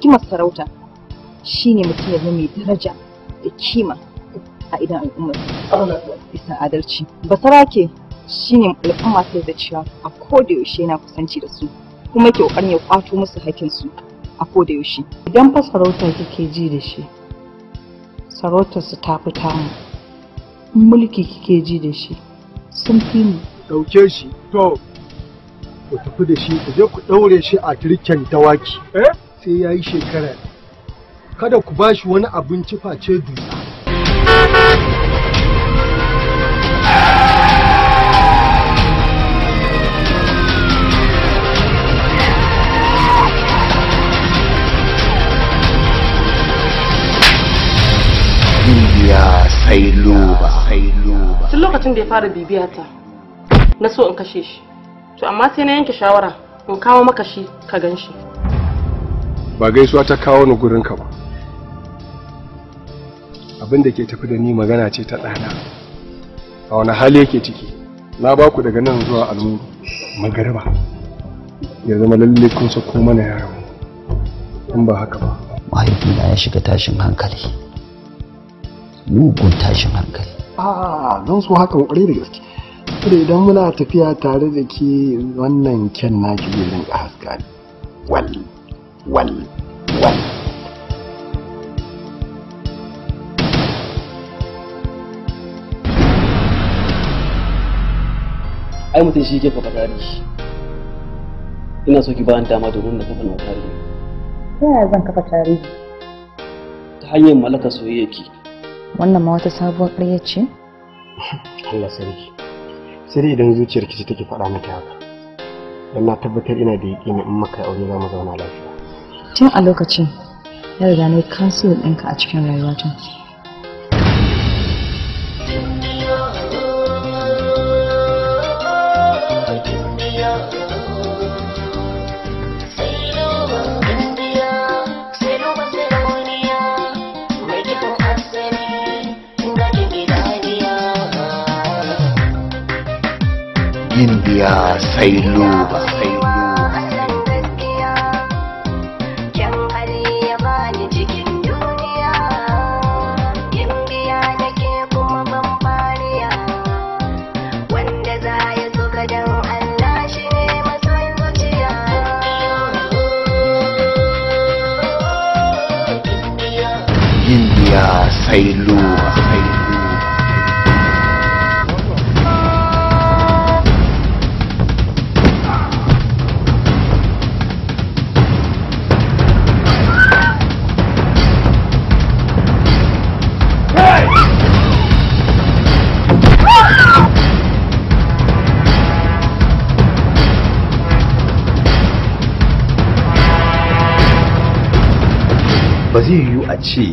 hikimar sarauta shine mutum ya zama mai daraja da kima a idan al'umma bisa adalci basarake shine al'umma sai da cewa a koda yaushe yana kusanci da su kuma yake kokarin ya kwato musu hakkin su a koda yaushe idan fa sarauta kike ji da shi sarautar su ta fita mu mulki kike ji da shi sun fi mu dauke shi to ku tafi da shi ku je ku daure shi a turken dawaki eh sai ya yi shekara kada ku ba shi wani abinci face dusa tun lokacin da ya fara bibiya ta na so in kashe shi to amma sai na yanke shawara in kawo maka shi ka gan shi ba gaisuwa ta kawo ni gurin ka ba abin da ke tafi da ni magana ce ta ɗana a wani hali yake ciki na ba ku daga nan zuwa almuru magariba ya zama lalle kun sako mana yaro, in ba haka ba mahaifina ya shiga tashin hankali mugun tashin hankali a zan so hakan ƙwarai da gaske da idan muna tafiya tare da ke wannan kyan naki zai rinka haska ne wallahi wal wal ai mutum shi ke faɗa tarihi ina so ki ba dama domin na kafa na tarihi ta yaya zan kafa tarihi ta hanyar mallaka soyayya ki wannan ma wata sabuwar ƙarya ce Allah sarki sai idan zuciyar ki take faɗa miki haka don na tabbatar ina da ne in maka aure za mu zauna lafiya tun a lokacin ya riga na kansil ɗinka a cikin rayuwata Indiya sai luba. zai yiwu a ce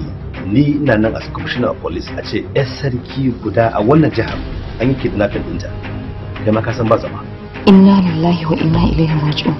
ni ina nan as commissioner of police a ce yar sarki guda a wannan jihar an yi kidnapping ɗinta kai ma ka san ba zama inna lillahi wa inna ilaihi raji'un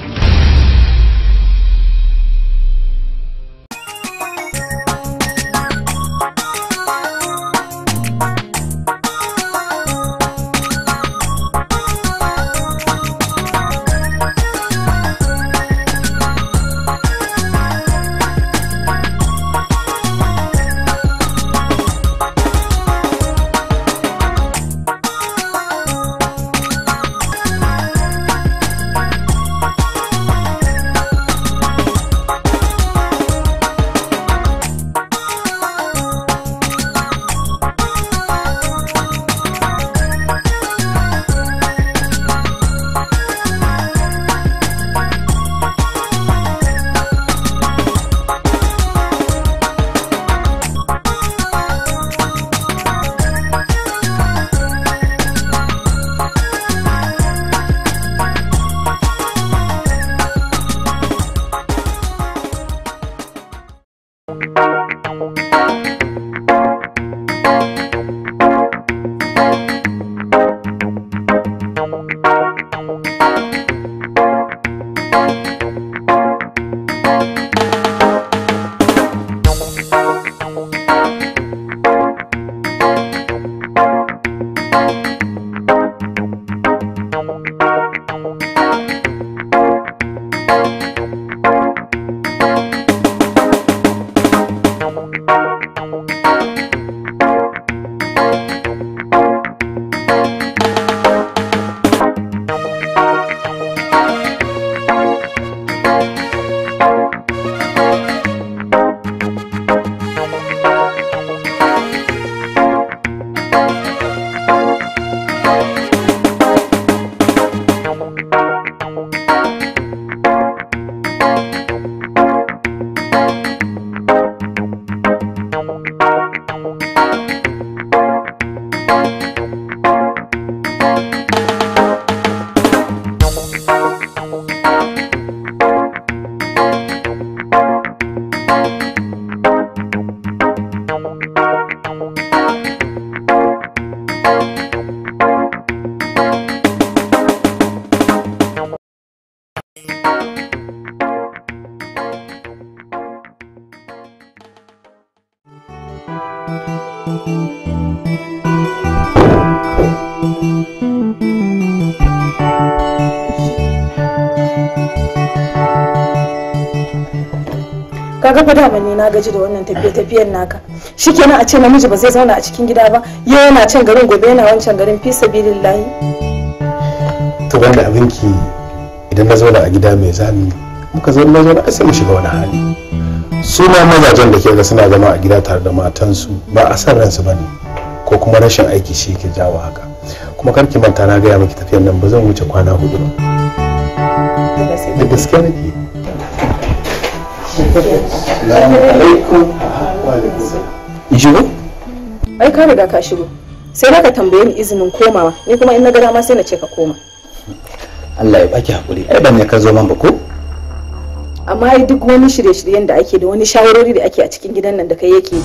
na gaji da wannan tafiye tafiyen naka shikenan a ce namiji ba zai zauna a cikin gida ba yau yana can garin gobe yana wancan garin fi sabilillahi to wanda abinki idan na zauna a gida mai zami muka zo na zauna sai mu shiga wani hali su ma mazajen da ke ga suna zama a gida tare da matansu ba a san ransu bane ko kuma rashin aiki shi ke jawo haka kuma karki manta na gaya miki tafiyan nan ba zan wuce kwana hudu ba da gaske nake Ijigo? Ai ka riga ka shigo. Sai na ka tambaye ni izinin komawa, ni kuma in na ga dama sai na ce ka koma. Allah ya baki hakuri. Ai ban ne ka zo man ba ko? Amma ai duk wani shirye-shiryen da ake da wani shawarori da ake a cikin gidan nan da kai yake.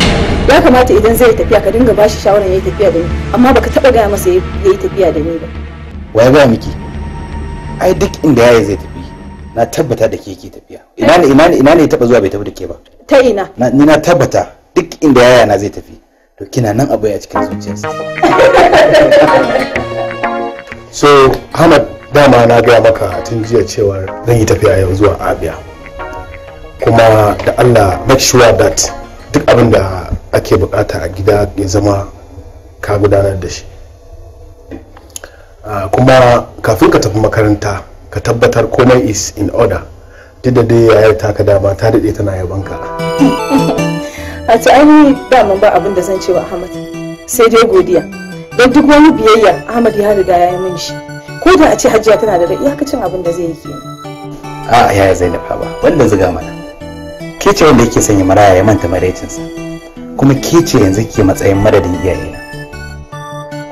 Ya kamata idan zai tafiya ka dinga bashi shawaran yayi tafiya da ni, amma baka taba gaya masa yayi tafiya da ni ba. Wai ga miki? Ai duk inda yayi zai tafiya. na tabbata da ke ke tafiya ina ne ina ne ina ne taba zuwa bai tafi da ke ba ta ina ni na tabbata duk inda yaya na zai tafi to kina nan abu a cikin zuciyarsa so hana dama na gaya maka tun jiya cewa zan yi tafiya yau zuwa abia kuma da allah make sure that duk abin da ake bukata a gida ya zama ka gudanar da shi ah, kuma kafin ka tafi makaranta ka tabbatar komai is in order duk da dai yaya taka dama ta dade tana ka a ce ai daman ba abin da zan cewa ahmad sai dai godiya don duk wani biyayya ahmad ya riga ya yi min shi ko da a ce Hajiya tana da iyakacin abin da zai yi ke a yaya zainab ba wannan zuga mana ke ce wanda yake sanya maraya ya manta maraicinsa kuma ke ce yanzu ke matsayin madadin iyayena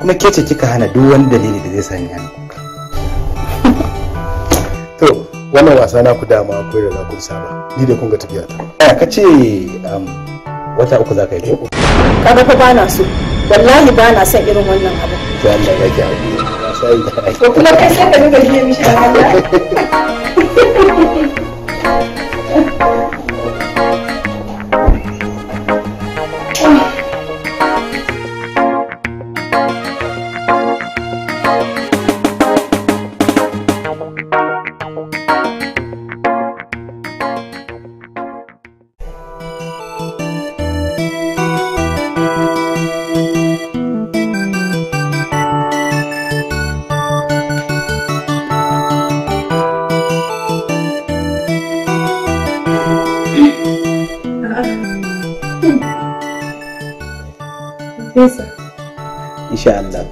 kuma ke ce kika hana duk wani dalili da zai sanya ni to wannan wasa na ku dama akwai riga ku saba ni da kun ga tafiya ta eh, ka ce um, wata uku za ka yi ko kaga fa bana so wallahi bana son irin wannan abu to Allah ya ki hakuri ko kuma kai sai ka dinga biye mishi a Allah Allah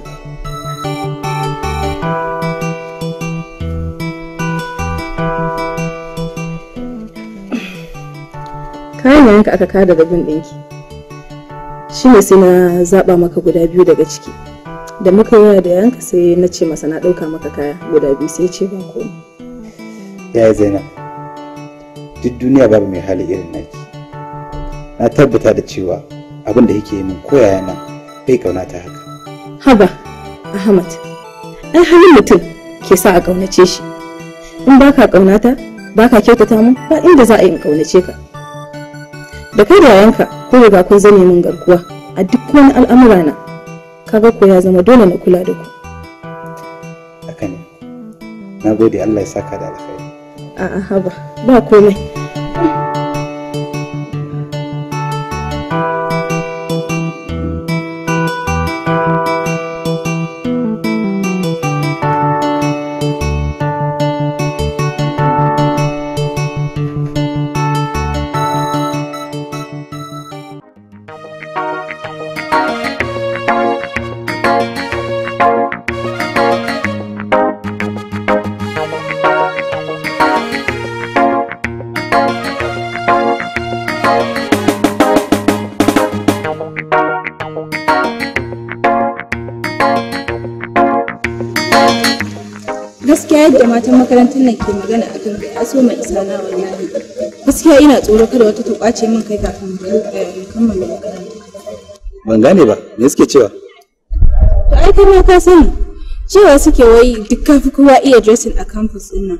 kayan yayanka aka kada daga bin ɗinki shi ne sai na zaɓa maka guda biyu daga ciki da muka yi da yanka sai na ce masa na ɗauka maka kaya guda biyu sai ce ba Ya yi zainab duk duniya babu mai hali irin naki na tabbata da cewa abin da yake yi min koyaya na bai kauna ta haka haba ahmad ai halin mutum ke sa a ƙaunace shi in baka ka ƙaunata ba kyautata mu ba inda za a yi in ƙaunace ka da kai da yayanka ko riga kun zame min garkuwa a duk wani al'amura na kaga ko ya zama dole na kula da ku haka na gode allah ya saka da alkhairi a'a haba ba komai makarantar nan ke magana a kan kai aso mai isa na wallahi gaskiya ina tsoro kada wata ta kwace min kai kafin eh, mu kammala makaranta ban gane ba me suke cewa to ai kai ka sani cewa suke wai duk kafi kowa iya dressing a campus din nan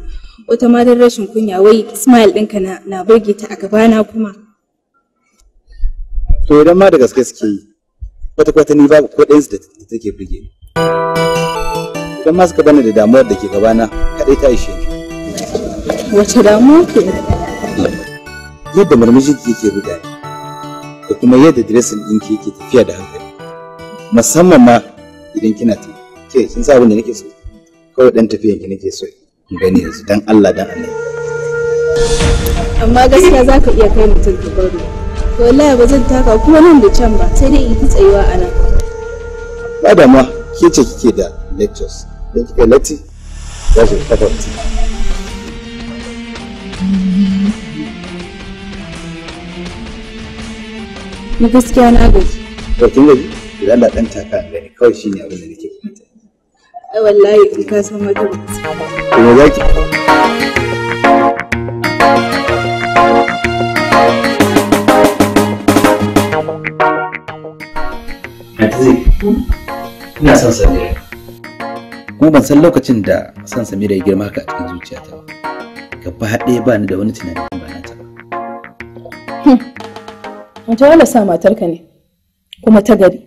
wata ma dan rashin kunya wai isma'il ɗinka na na burge ta a na kuma to idan ma da gaske suke yi kwata-kwata ni babu ko su da take burge ni don masu ka bane da damuwar da ke gabana kadai ta ishe ni. Wace damuwa ke? Yadda murmushin ki ke ruda da kuma yadda diresin ɗinki ke tafiya da hankali musamman ma idan kina ta ke kin sa abin nake so kawai dan tafiyan ki nake so in gani yanzu dan Allah dan Allah. Amma gaskiya za ka iya kai mutum ka bari. Wallahi ba zan taka kuma nan da can ba sai dai in fi tsayuwa a nan. Ba damuwa ke ce kike da lectures da kika latti za su kafa Na gaskiya na gaji. To gaji? Idan da taka gani kawai shine abin da nake Ai wallahi in ka san wata Kuma Ina son sanya kuma ban san lokacin da san samira ya girma ka a cikin zuciyata ba gaba ɗaya ba ni da wani tunanin ba na ta ba hm. ta wala sa matarka ne kuma ta gari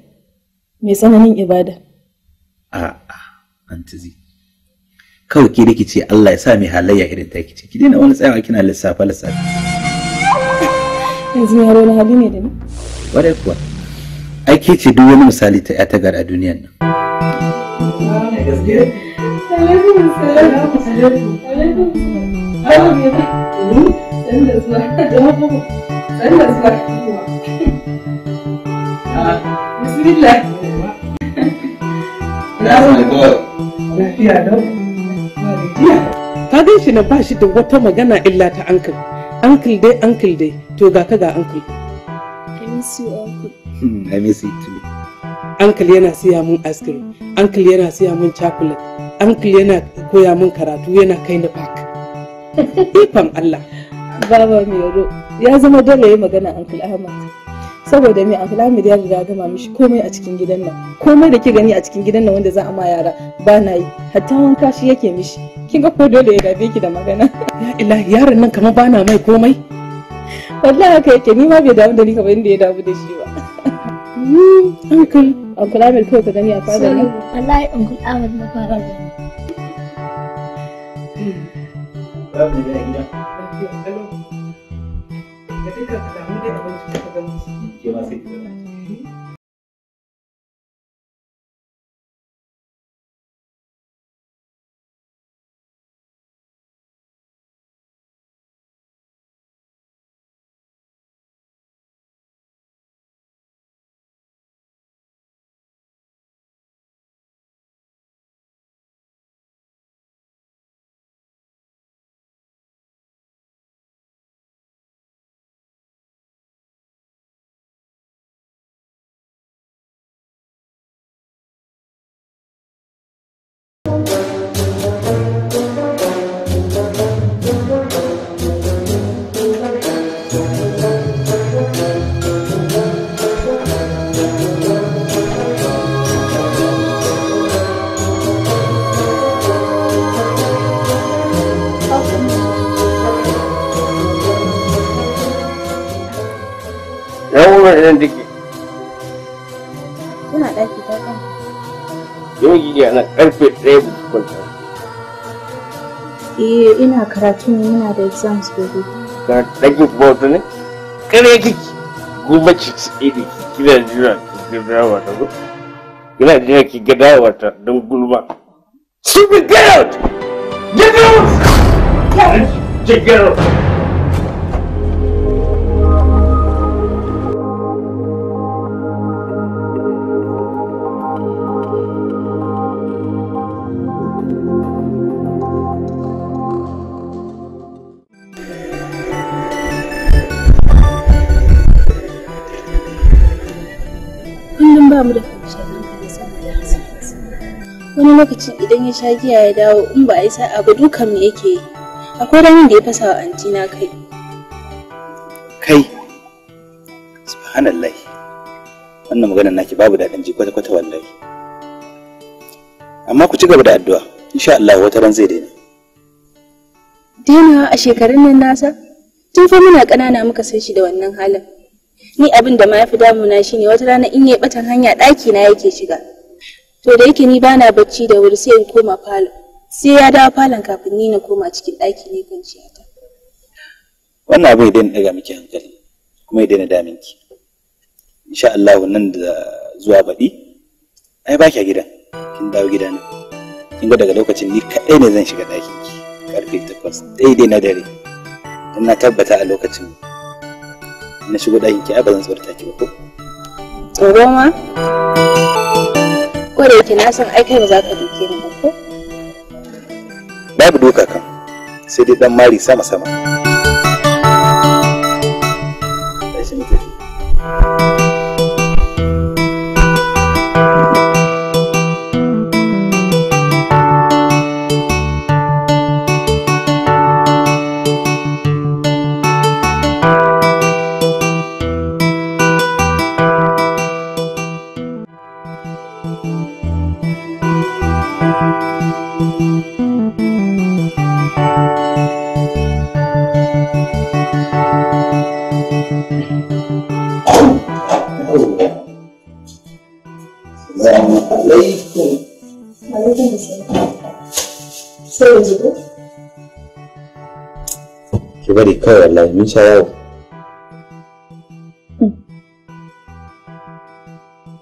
mai tsananin ibada a'a antizi kawai ke da ce Allah ya sa mai halayya irin ta kici ki daina wani tsayawa kina lissafa lissafa yanzu yaro na hali ne da ni ware kuwa ai ke ce duk wani misali ta ya ta gari a duniyan nan da gaske na ka gan shi na ba shi da wata magana illa ta ankle ankle dai ankle dai to ga ka ga ankle I miss you, Uncle. Hmm, I miss you too. ankal yana siya mun ice cream ankal yana siya mun chocolate ankal yana koya mun karatu yana kai ni park ifan Allah baba Yaro ya zama dole yayi magana Uncle Ahmad saboda me Uncle Ahmad ya riga gama mishi komai a cikin gidan nan komai da ke gani a cikin gidan nan wanda za a ma yara ba na yi hatta wanka shi yake mishi kin ga ko dole ya dabe ki da magana ya ilahi yaron nan kamar bana mai komai wallahi haka yake ni ma bai damu da ni kamar inda ya damu da shi ba hmm, uncle Uncle Ahmed kawai ka gani a fadar nan? Wallahi fara Ka fi ka dai abinci ka Ke ma sai ki zama. karfe ɗaya da kwanta. Iye. Eh, ina karatu ne muna da exams gobe. Ka ɗage kuma wata ne? Kare kiki goma ci tsiri kina jira ki gada wata ba. jira ki gada wata don gulma. Stupid girl! Get out! Get out! Get out! ba mu da kwanciyar hankali saboda wani lokaci idan ya sha giya ya dawo in ba a yi sa'a ba dukan me yake yi akwai ranar da ya fasa wa antina kai kai subhanallahi wannan maganar naki babu daɗin ji kwata-kwata wallahi amma ku ci gaba da addu'a insha Allah wata ran zai daina dainawa a shekarun nan nasa tun fa muna ƙanana muka san shi da wannan halin ni abin da ma ya fi damuna shine wata rana in yi batan hanya ɗaki na yake shiga to da yake ni bana bacci da wuri sai in koma falo sai ya dawo falon kafin ni na koma cikin ɗaki ne kwanciya ta wannan abin idan daga miki hankali kuma ya daina damin ki insha Allah nan da zuwa baɗi ai ba a gidan kin dawo nan. kin ga daga lokacin ni kaɗai ne zan shiga ɗakin ki karfe takwas daidai na dare ina tabbata a lokacin na shigo ɗakin ki a ba zan tsorata ki ba ko tsoro ma ko da yake na san aikin kai ba za ka duke ni ba ko babu doka kan sai dai dan mari sama sama Thank you. bari kawai wallahi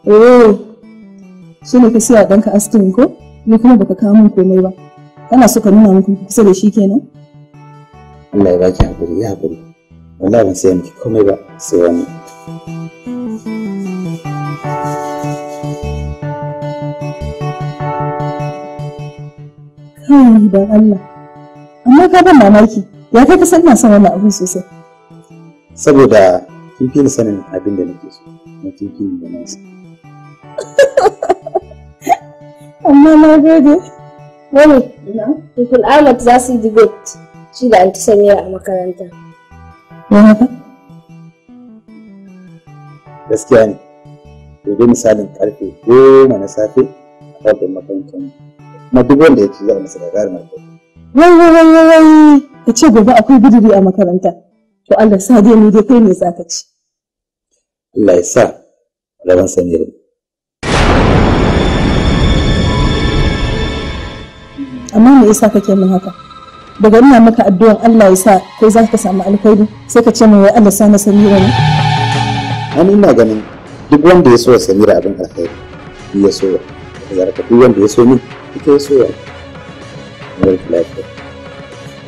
oh, ka siya danka askin ko baka kawo min komai ba kana nuna muku kusa da shi kenan Allah ya baki hakuri ba sai wani Allah amma ka ban mamaki ya kai kasan na son wannan abin sosai saboda kin fi sanin abin da nake so na kin fi da amma na gode wani kukul ahmad za su yi debate shi da anti samira a makaranta yana ba gaskiya ne gobe misalin karfe goma na safe a babban makarantar na duk wanda ya ci za a gagarumar wai wai wai wai ka ce gobe akwai bidiri a makaranta to Allah sa dai ni dai kai ne za ka ci Allah ya sa raban samirin amma me yasa kake min haka daga ina maka addu'an Allah ya sa kai za ka samu alkhairi sai ka ce min wai Allah sa na samira ne an ina ganin duk wanda ya so samira abin alkhairi ya so ya zarka duk wanda ya so ni ita ya so ya lafiya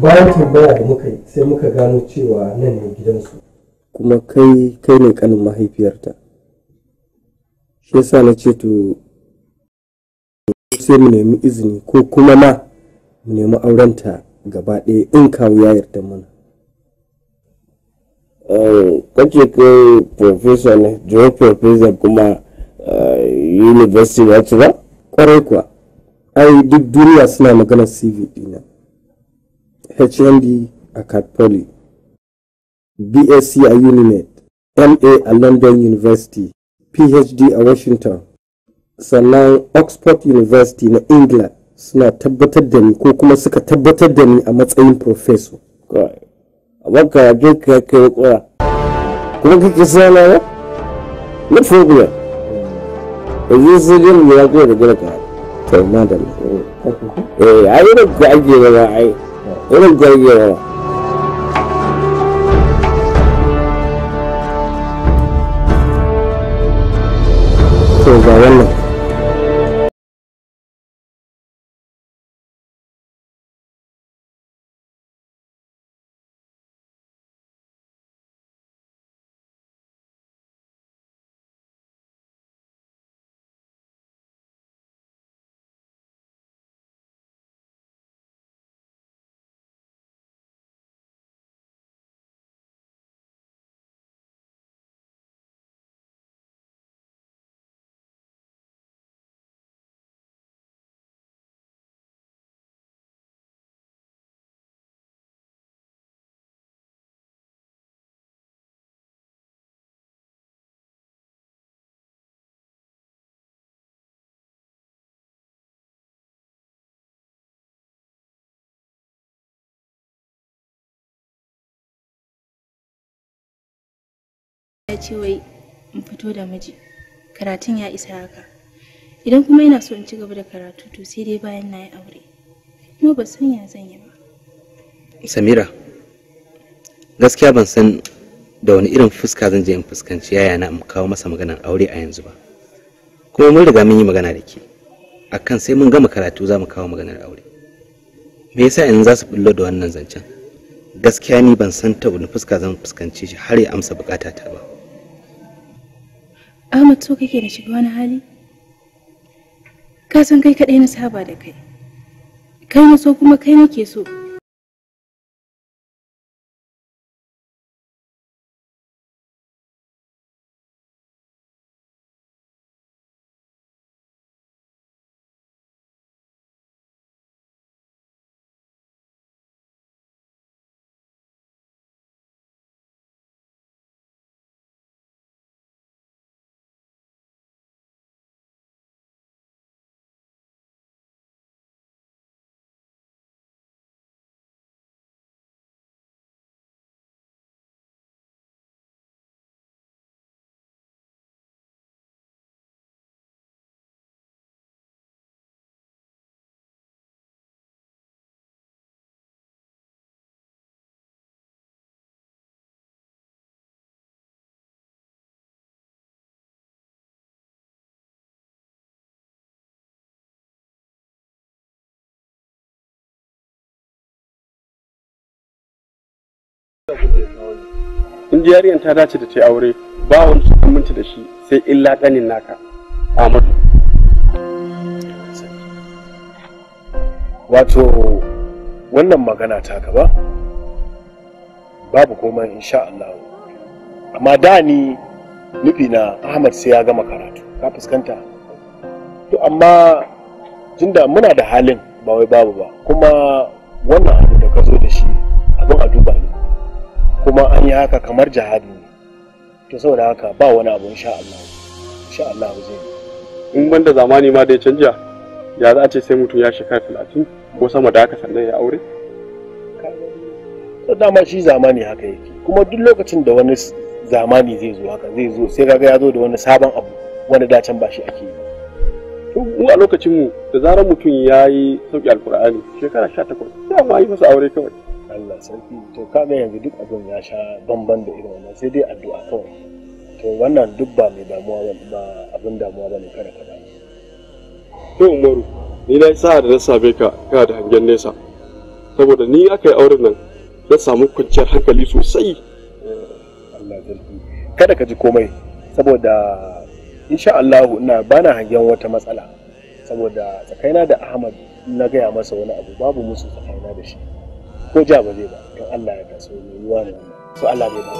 bayan tambaya da muka yi sai muka gano cewa nan ne gidansu kuma kai kai ne kanin mahaifiyarta shi yasa na ce to sai mu nemi izini ko kuma ma mu nemi aurenta gaba ɗaya in kawo ya yarda mana ehm, kace kai professor ne joe professor kuma eh, university ba ba kwarai kuwa ai duk duniya suna maganar cv dina HND a Cat Poly, BSc a UNINET, MA a London University, PhD a Washington, sannan Oxford University na England suna tabbatar da ni ko kuma suka tabbatar da ni a matsayin professor. Abin karatu ka kai wa kura. Kuma kake sana ba? Na program. Yanzu sai dai mu ya kowa da gara ka. To madalla. Eh, eh ai da ku ake gaba ai. 그런 거예요. 그러니까 원래 ce wai in fito da miji karatun ya isa haka idan kuma yana so in ci gaba da karatu to sai dai bayan na yi aure kuma ba san ya zan yi ba samira gaskiya ban san da wani irin fuska zan je in fuskanci yaya na in kawo masa maganar aure a yanzu ba kuma mun riga mun yi magana da ke akan sai mun gama karatu za mu kawo maganar aure me yasa yanzu za su bullo da wannan zancen gaskiya ni ban san ta wani fuska zan fuskance shi har ya amsa bukata ta ba Ahmad so kake da shiga wani hali? Ka san kai kaɗai na saba da kai. Kai na so kuma kai nake so. in ji yarinyar ta dace da ta aure ba wani su minta da shi sai illa ɗanin naka wato wannan magana ta gaba babu komai insha Allah amma da ni nufi na Ahmad sai ya gama karatu ka fuskanta to amma jinda muna da halin ba wai babu ba kuma wannan abu da ka zo da kuma an yi haka kamar jihadi ne to saboda haka ba wani abu insha Allah insha Allah zai in banda zamani ma da ya canja ya za a ce sai mutum ya shekara talatin ko sama da haka sannan ya aure to dama shi zamani haka yake kuma duk lokacin da wani zamani zai zo haka zai zo sai kaga ya zo da wani sabon abu wanda da can ba shi ake yi mu a lokacin mu da zarar mutum ya yi sauƙi alkur'ani shekara 18 sai ma yi masa aure kawai Allah sarki to kaga yanzu duk abin ya sha bamban da irin wannan sai dai addu'a kawai to wannan duk ba mai damuwa ba abin damuwa ba ne kada ka damu to umaru ni na sa'a da na same ka ka da hangen nesa saboda ni aka yi auren nan na samu kwanciyar hankali sosai Allah sarki kada ka ji komai saboda insha Allah ina bana hangen wata matsala saboda tsakaina da Ahmad na gaya masa wani abu babu musu tsakaina da shi ko ja ba zai ba don Allah ya kaso mai ruwa da so Allah bai ba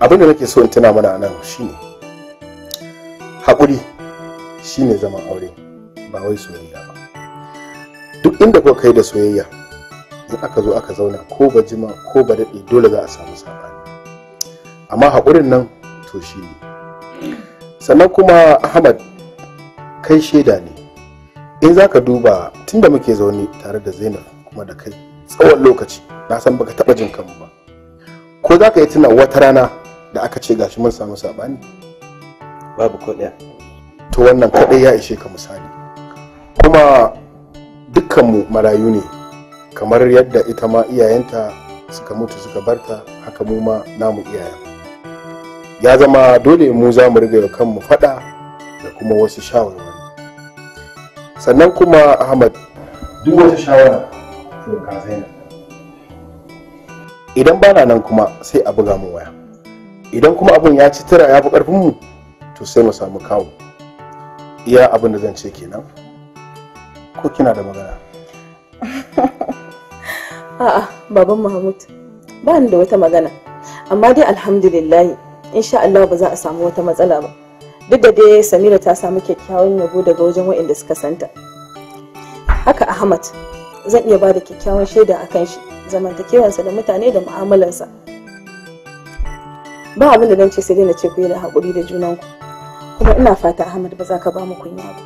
abin da nake so in tana mana nan shine haƙuri shine zaman aure ba wai soyayya ba duk inda kuka kai da soyayya in aka zo aka zauna ko ba jima ko ba daɗe dole za a samu saɓani amma haƙurin nan to shi ne sannan kuma ahmad kai shaida ne in za ka duba tunda muke zaune tare da zainab kuma da kai tsawon lokaci na san baka taba jin kanmu ba ko za ka yi tuna wata rana da aka ce gashi mun samu sabani babu ko ɗaya to wannan kaɗai ya ishe ka misali kuma mu marayu ne kamar yadda ita ma iyayenta suka mutu suka barta haka mu ma namu iyayen ya zama dole mu za mu riga kanmu faɗa da kuma wasu shawarwari sannan kuma ahmad duk wata shawara to ka zaina idan ba na nan kuma sai a buga mu waya idan kuma abun ya ci tura ya fi karfin mu to sai mu samu kawo iya abin da zan ce kenan ko kina da magana a'a baban mahmud ba ni da wata magana amma dai alhamdulillahi insha Allah ba za a samu wata matsala ba duk da dai Samira ta samu kyakkyawan yabo daga wajen waɗanda suka santa haka Ahmad zan iya bada kyakkyawan shaida akan shi zamantakewansa da mutane da mu'amalansa ba abin da ce sai dai na ce ku yi da haƙuri da junanku kuma ina fata Ahmad ba za ka ba mu kunya ba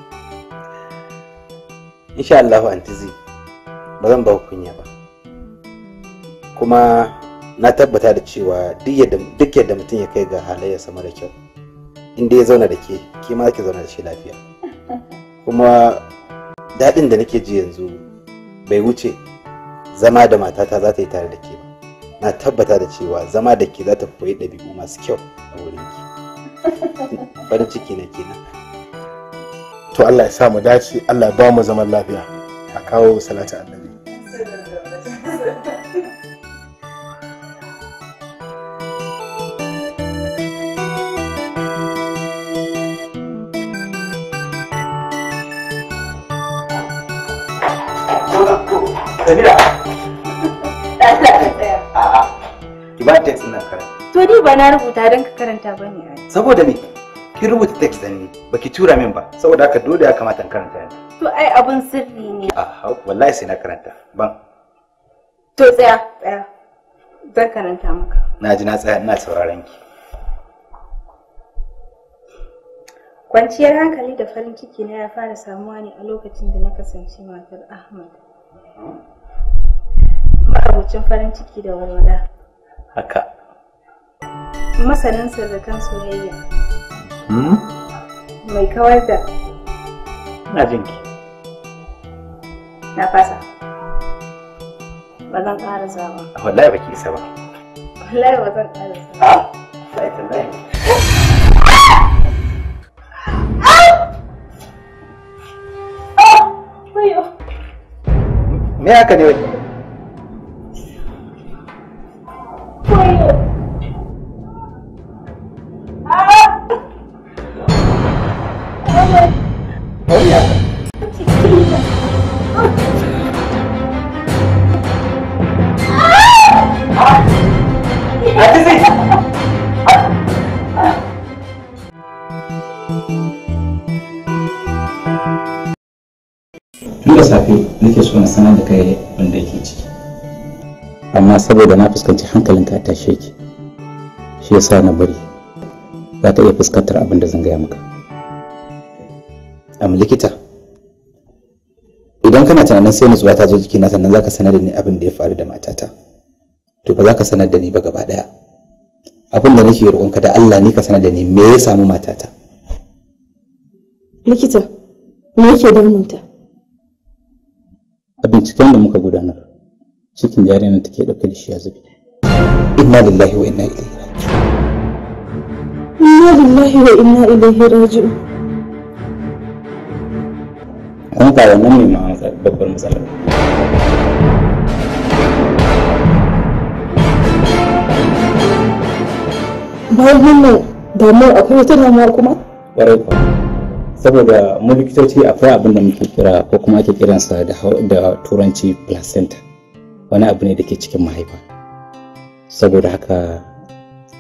insha Allah ba zan ba ku kunya ba kuma na tabbata da cewa duk yadda mutum ya kai ga halayyar sama da kyau inda ya zauna da ke ke ma ke zauna da shi lafiya kuma daɗin da nake ji yanzu bai wuce zama da matata za ta yi tare da ke ba na tabbata da cewa zama da ke za ta koyi ɗabi'u masu kyau a wurin ki farin ciki na kenan to Allah ya sa mu dace Allah ya ba mu zaman lafiya a kawo salatu allah Jamila. A'a. Ki ba text nan karanta. To ni ba na rubuta don ka karanta ba ne. Saboda me? Kin rubuta text ɗin ne baki tura min ba saboda haka dole ya kamata in karanta yanzu. To ai abun sirri ne. A'a wallahi sai na karanta. Ban. To tsaya tsaya. Zan karanta maka. Na ji na tsaya ina sauraron ki. Kwanciyar hankali da farin ciki na ya fara samuwa ne a lokacin da na kasance matar Ahmad. ma'abucin farin ciki da walwala haka masanin sirrikan soyayya hmm? mai kawar da Na jinki na fasa ba zan ƙara zaba wallahi baki isa ba wallahi ba zan ƙara sai ta tallahi Me aka ne wani? saboda na fuskanci hankalinka ta sheki shi yasa na bari za ka iya fuskantar abin da zan gaya maka am likita idan kana tunanin sai nutsuwa ta zo jikina sannan za ka sanar da ni abin da ya faru da matata to ba za ka sanar da ni ba gaba daya abin da nake ka da Allah ni ka sanar da ni me ya samu matata likita me yake damunta a binciken da muka gudanar cikin jaririn take dauke da shi ya zubi. inna lillahi wa inna ilaihi inna lillahi wa inna ilaihi raji'un an ka wannan ne ma babbar matsala bayan wannan damar akwai wata damuwa kuma ƙwarai kuwa saboda mu likitoci akwai abin da muke kira ko kuma ake kiransa da turanci placenta wani abu ne da ke cikin mahaifa saboda haka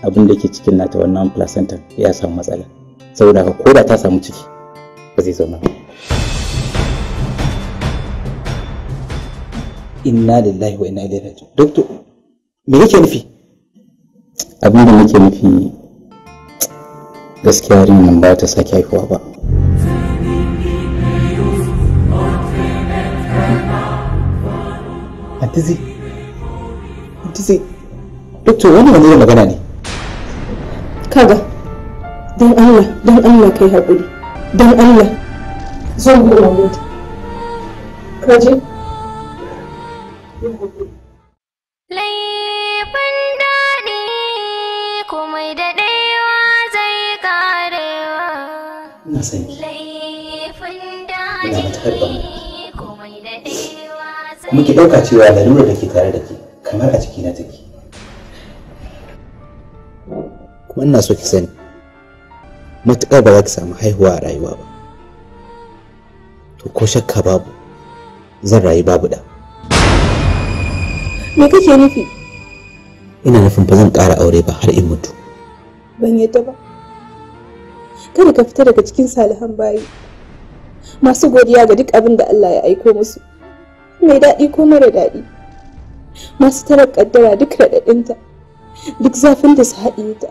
abin da ke cikin nata wannan placenta ya samu matsala saboda haka ko da ta samu ciki ba zai zauna ba inna lillahi wa inna ilaihi raji'un doctor me yake nufi abin da nake nufi gaskiya rin nan ba ta sake haifuwa ba Antizi, Antizi, Doktor wani wani ne magana ne? Kaga, don Allah, don Allah kai haƙuri, don Allah, Kaji? Laifin daɗi Ina sanki. kuma ki ɗauka cewa lalura da ke tare da ke kamar a jikina take kuma ina so ki sani matuƙar ba za ki samu haihuwa a rayuwa ba to ko shakka babu zan rayu babu da me kake nufi ina nufin ba zan ƙara aure ba har in mutu ban yadda ba kada ka fita daga cikin salihan bayi masu godiya ga duk abin da Allah ya aiko musu mai daɗi ko mara daɗi masu tara ƙaddara duk raɗaɗinta duk zafin da su haɗe ta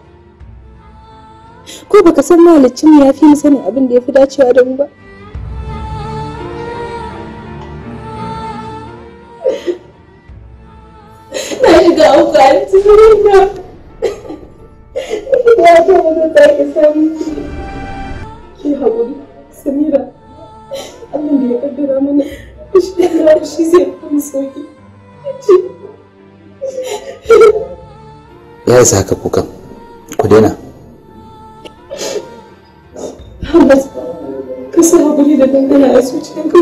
ko baka san mahalicin ya fi mu sanin abin da ya fi dacewa da mu ba na shiga uku a cikin da ya ce wani sake samun ki ki haƙuri samira allah da ya ƙaddara mana shi zai kuma sauki ya yi haka kuka, ku daina Ahmad da dangana a zuciyanka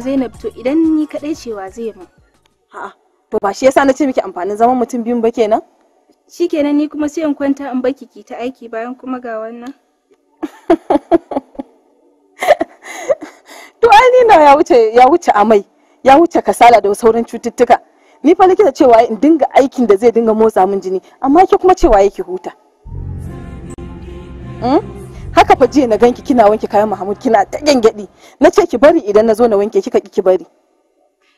Zainab to idan ni kadai cewa zai mu. A'a, to ba shi yasa na ce miki amfanin zaman mutum biyun ba kenan? Shi kenan ni kuma sai in kwanta in baki ki ta aiki bayan kuma ga wannan. To ai ni na ya wuce ya wuce amai, ya wuce kasala da sauran cututtuka. Ni fa likita cewa in dinga aikin da zai dinga motsa min jini, amma ki kuma cewa yake huta. Hmm? haka fa jiya na ganki kina wanke kayan Mahmud kina ta gyangyadi na ce ki bari idan na zo na wanke kika ki bari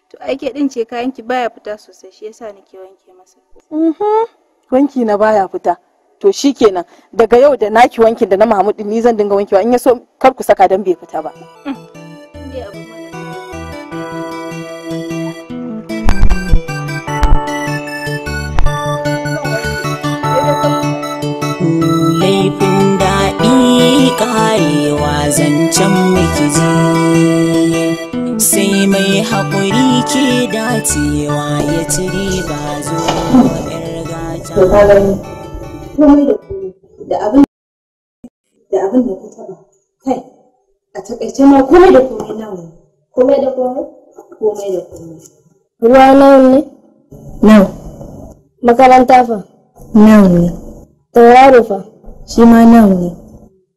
to ai ke din ce kayan ki baya fita sosai shi yasa nake wanke masa mhm wanki na baya fita to shikenan daga yau da naki wankin da na mahmud ni zan dinga wankewa in ya so kar ku saka dan bai fita ba mm. karewa zancen miki ji sai mai haƙuri ke dacewa ya ci ba zo. a ma komai da komai nawa ne komai da komai komai da komai ruwa nawa ne nawa makaranta fa nawa ne tauraro fa shi ma nawa ne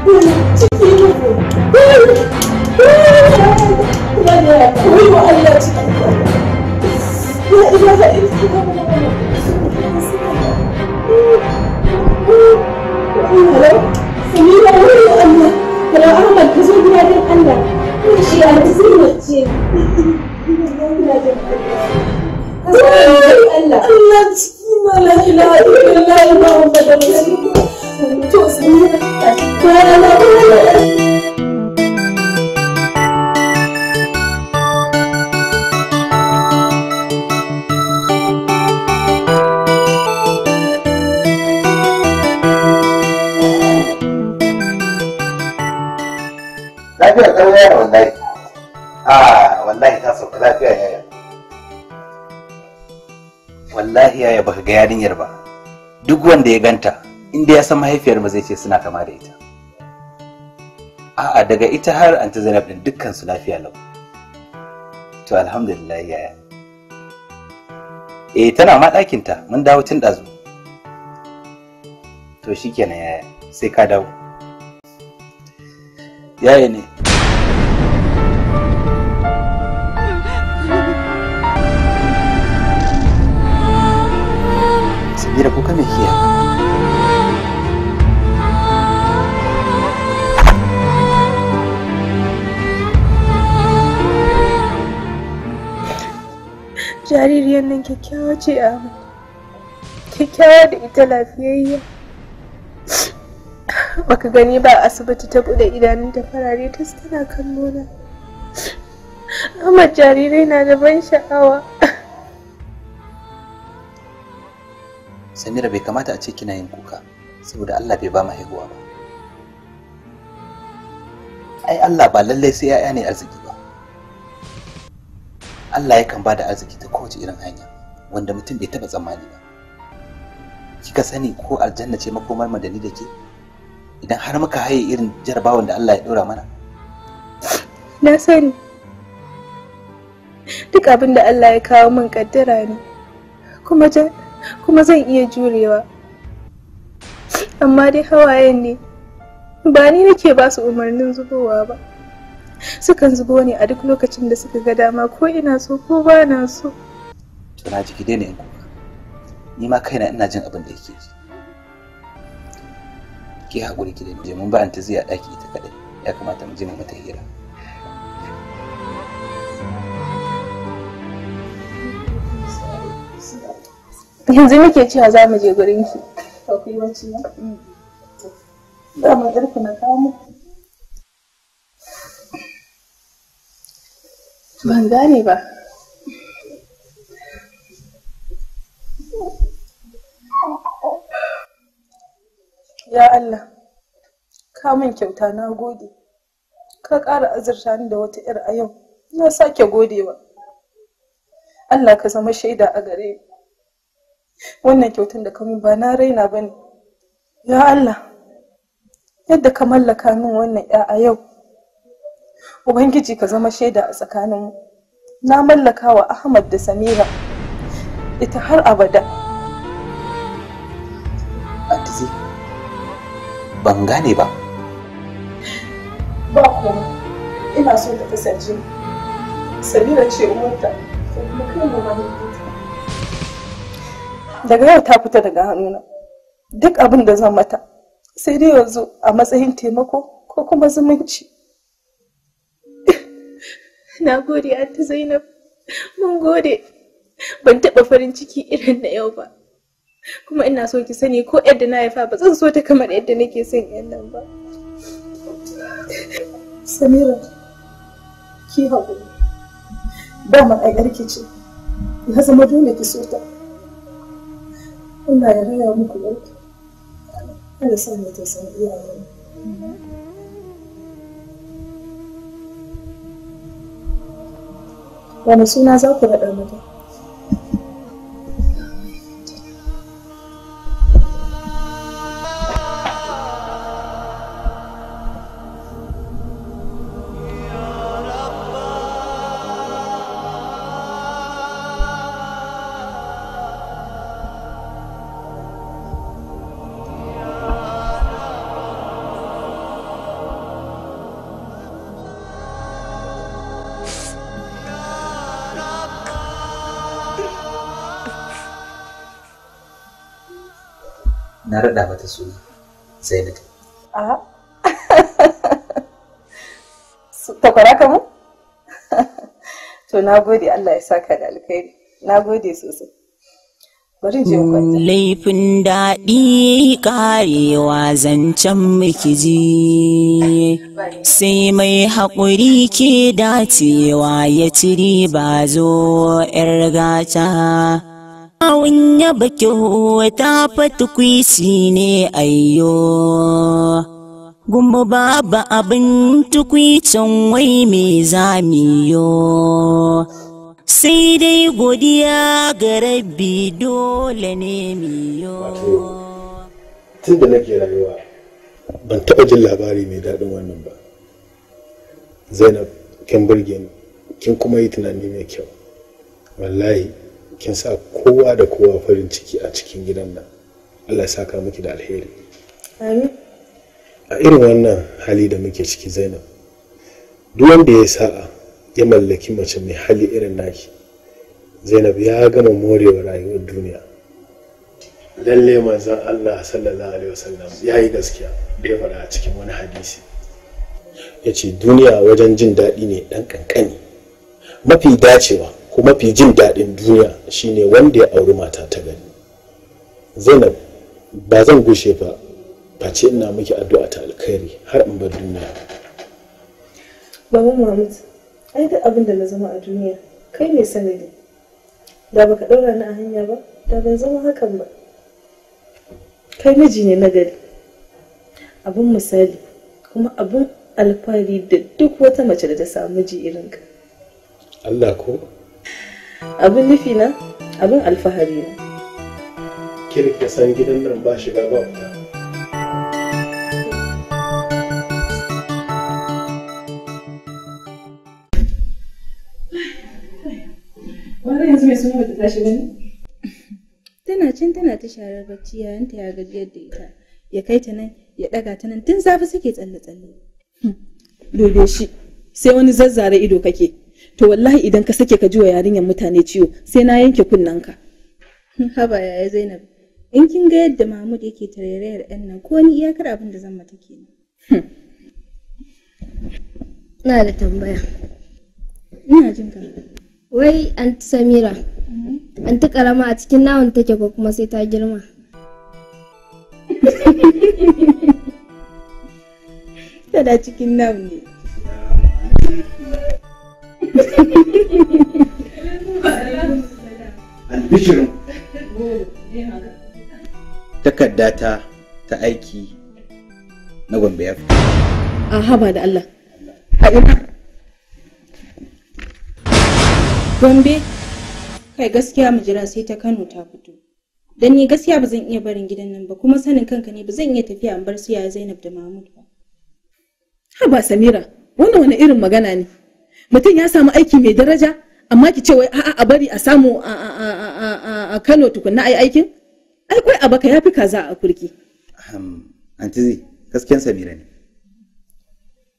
Allah cikin mala ila ila ila Muhammadu Rasulullah Lafiya ta waya wallahi. Ah, wallahi ta sauka lafiya yaya. Wallahi yaya baka ga yarinyar ba. Duk wanda ya ganta inda ya san mahaifiyar mu zai ce suna kama da ita a'a daga ita har anti zainab din dukkan su lafiya lau to alhamdulillah yaya eh tana ma ɗakin ta mun dawo tun ɗazu to shikenan yaya sai ka dawo yaya ne Sabira ko kame kiyaye jaririyar nan kyakkyawa ce a kyakkyawa da ita lafiyayya baka gani ba asibiti ta bude idanun ta farare ta tana kallo na amma jarirai na da ban sha'awa samira bai kamata a ce kina yin kuka saboda allah bai ba haihuwa ba ai allah ba lallai sai 'ya'ya ne arziki Allah yakan ba da arziki ta kowace irin hanya wanda mutum bai taba tsammani ba kika sani ko aljanna ce makomar madani da ke idan har muka haye irin jarabawan da Allah ya dora mana na sani duk abin da Allah ya kawo min kaddara ne kuma kuma zan iya jurewa amma dai hawayen ne ba ni nake ba su umarnin zubowa ba sukan zubo ne a duk lokacin da suka ga dama ko ina so ko ba na so to na ji ki daina yin kuka ni ma kaina ina jin abin da yake ji ki haƙuri ki daina mun ba an ta ziya ɗaki ita kaɗai ya kamata mu je mu mata hira yanzu muke cewa za mu je gurin ki. Ba kai wacce ba? Za mm. mu ɗarku na kawo muku. Ban gane ba. Ya Allah, ka min kyauta na gode. Ka ƙara azurta ni da wata ‘yar a yau, na sake godewa. Allah ka zama shaida a gare ni. Wannan kyautan da ka min ba na raina ba ne. Ya Allah, yadda ka mallaka min wannan ‘ya a yau, ubangiji ka zama shaida a tsakaninmu na mallaka wa ahmad da samira ita har abada atizi ban gane ba ba kuma ina so ta kasance samira ce umarta kuma kai daga yau ta fita daga hannuna duk abin da zan mata sai dai yanzu a matsayin taimako ko kuma zumunci na gode Anta Zainab, mun gode. Ban taɓa farin ciki irin na yau ba. Kuma ina so ki sani ko yadda na haifa ba zan so ta kamar yadda nake son yan nan ba. Samira, ki haƙuri. Dama ƙaƙarki ce, ya zama dole ki so ta. Ina ya raya muku wata. Kada sanya ta san iyayen. wani suna za ku raɗa mata faɗa mata suna sai na takwara ka mu? to na gode Allah ya saka da alkhairi na gode sosai Laifin daɗi ƙarewa zancen ji, sai mai haƙuri ke dacewa ya ciri ba zo ‘yar gata. Awin ya baki ta fata kwisi ne ayyo. Gumba babu abin tukwicin wai me yo Sai dai godiya ga rabbi dole ne miyo. Tun da nake rayuwa, ban taɓa jin labari mai daɗin wannan ba. Zainab, kin burge ni, kin kuma yi tunani mai kyau. Wallahi, kin sa kowa da kowa farin ciki a cikin gidan nan allah ya saka miki da alheri a irin wannan hali da muke ciki zainab duk wanda ya sa'a ya mallaki mace mai hali irin naki zainab ya gama morewa rayuwar duniya lalle manzon allah sallallahu alaihi wasallam ya yi gaskiya da ya faɗa a cikin wani hadisi ya ce duniya wajen jin daɗi ne ɗan ƙanƙani mafi dacewa ko mafi jin daɗin duniya shine wanda ya auri mata ta gani zainab ba zan gushe ba face ina miki addu'a ta alkhairi har in bar duniya baba muhammad ai duk abin da na zama a duniya kai ne sanadi da baka ɗaura ni a hanya ba da ban zama hakan ba kai miji ne na gari abin misali kuma abin alfahari da duk wata mace da ta samu miji irinka Allah ko abin nufi na abin alfahari na ya san gidan nan ba shiga ba fita Tana can tana ta sharar bacci ta ya gajiyar da ita. Ya kai ta nan ya ɗaga ta nan tun zafi suke tsalle-tsalle. Hmm. dole shi sai wani zazzare ido kake. to wallahi idan ka sake ka ji wa yarinyar mutane ciwo sai na yanke ka. haba yaya zainab in kin ga yadda mahmud yake tarayyar yan nan ko ni iyakar abin da zan mata ke hmm. ina da tambaya ina jin ka wai anti samira mm-hmm. anti karama a cikin nawan take ko kuma sai ta girma tana cikin nam ne albishirin takardata ta aiki na gombe ya a haba da Allah a ina gombe kai gaskiya mu jira sai ta kano ta fito don ni gaskiya ba zan iya barin gidan nan ba kuma sanin kanka ne ba zan iya tafiya an bar su yaya zainab da mahmud ba haba samira wannan wani irin magana ne mutum ya samu aiki mai daraja amma ki ce wai a'a a bari a samu a Kano tukunna ai aikin ai kwai abaka ya fi kaza a kurki antizi gaskiyan samira ne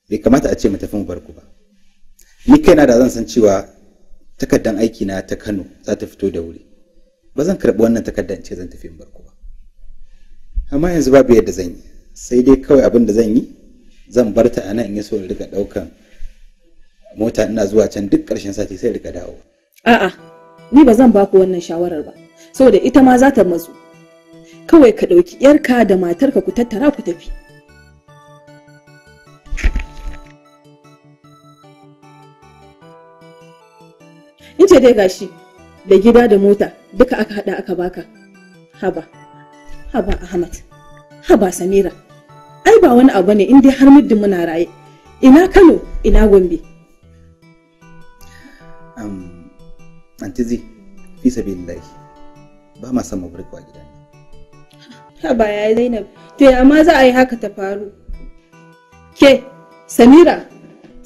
bai kamata a ce mu tafi mu ku ba ni kaina da zan san cewa takardan aiki na ta Kano za ta fito da wuri ba zan karɓi wannan takardan ce zan tafi mu ku ba amma yanzu babu yadda zan yi sai dai kawai abin da zan yi zan bar ta a nan in yi so in riga ɗaukan mota ina zuwa can duk ƙarshen sati sai rika dawo a'a ni ba zan baku wannan shawarar ba saboda ita ma za ta matsu kawai ka ɗauki yarka da matarka ku tattara ku tafi in ce dai gashi da gida da mota duka aka haɗa aka baka haba haba ahmad haba samira ai ba wani abu ne in dai har muddin muna raye ina kano ina gombe um, antizi fi sabilillahi ba ma son mabarku a gidan nan ha ba ya zainab to ya ma za a yi haka ta faru ke samira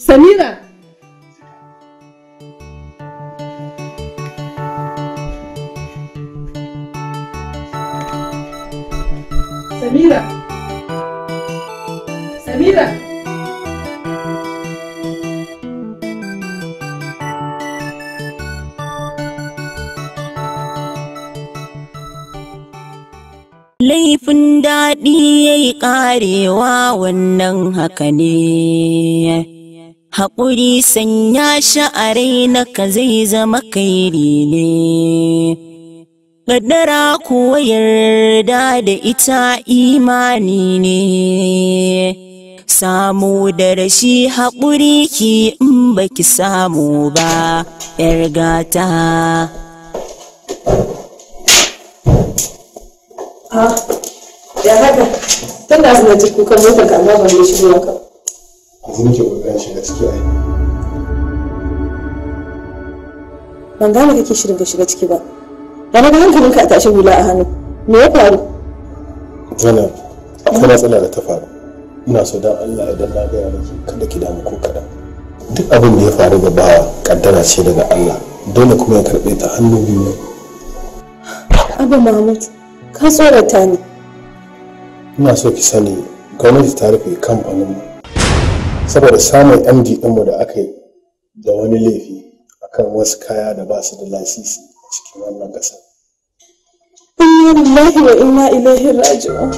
samira Samira. Samira. laifin daɗi ya yi ƙarewa wannan haka ne. Haƙuri sanya sha'arai na ka zai zama kairi ne. Ƙaddara kuwa yarda da ita imani ne. Samu da rashi haƙuri ki in baki samu ba, ‘yar gata. ya haka tun da suna ci kukan motar ka amma ban yi shigo haka yanzu nake kokarin shiga ciki a ai ban gane kake shirin ka shiga ciki ba da na ga hankalin ka a tashi hula a hannu me ya faru zainab akwai matsala da ta faru ina so dan Allah idan na gaya miki kada ki damu ko kada duk abin da ya faru da bawa kaddara ce daga Allah dole kuma ya karbe ta hannu biyu Abba Mahmud ka tsorata ni ina so ki sani gwamnati ta rufe kamfanin mu saboda samun md ɗinmu da aka yi da wani laifi akan wasu kaya da ba su da lasisi a cikin wannan ƙasa inna lillahi wa inna ilaihi raji'un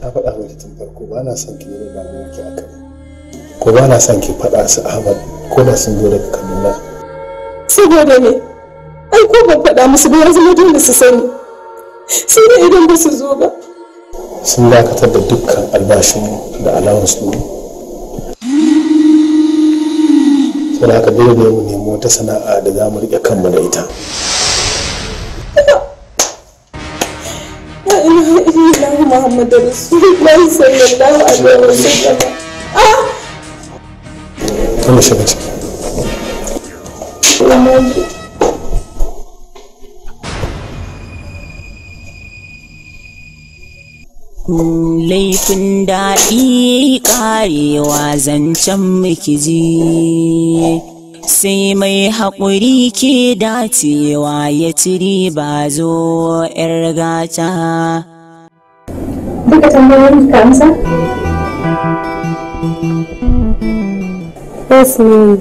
na faɗa miki tun farko ba na son ki yi nuna damuwarki akan ko ba na son ki faɗa su ahmad ko da sun zo daga kaduna saboda ne ai ko ban faɗa musu ba ya zama dole su sani sai dai idan ba su zo ba sun dakatar da dukkan albashin da alawar su ne sai haka dole ne mu nemo wata sana'a da za mu riƙe kanmu da ita الله محمد رسول الله صلى Ah! Kana وسلم ciki. Shinobu. Laifin daɗi ƙarewa zancen ji sai mai haƙuri ke dacewa ya ciri ba zo 'yar gata. Duka tambayoyin ka amsa? Yes, ne.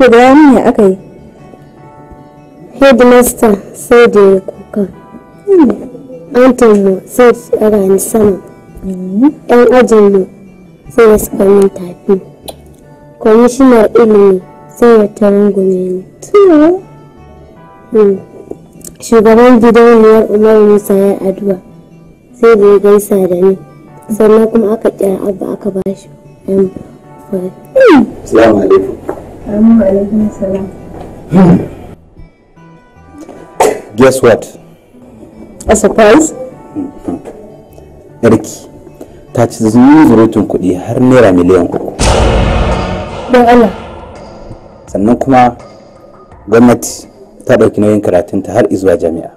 To da ya aka yi. headmaster sai da ya kuka antinmu sai su ɗaga ni sama ɗan ajinmu sai ya suka min tafi kwamishinar ilimi sai ya ta rungume ni shugaban gidauniyar umaru musa ya addu'a sai da ya gaisa da ni sannan kuma aka kira abu aka ba shi yan Salamu alaikum. Salamu alaikum salam. Hmm. guess what a surprise yarki ta ci zurutun kuɗi har naira miliyan uku don allah sannan kuma gwamnati ta ɗauki nauyin karatunta har izuwa jami'a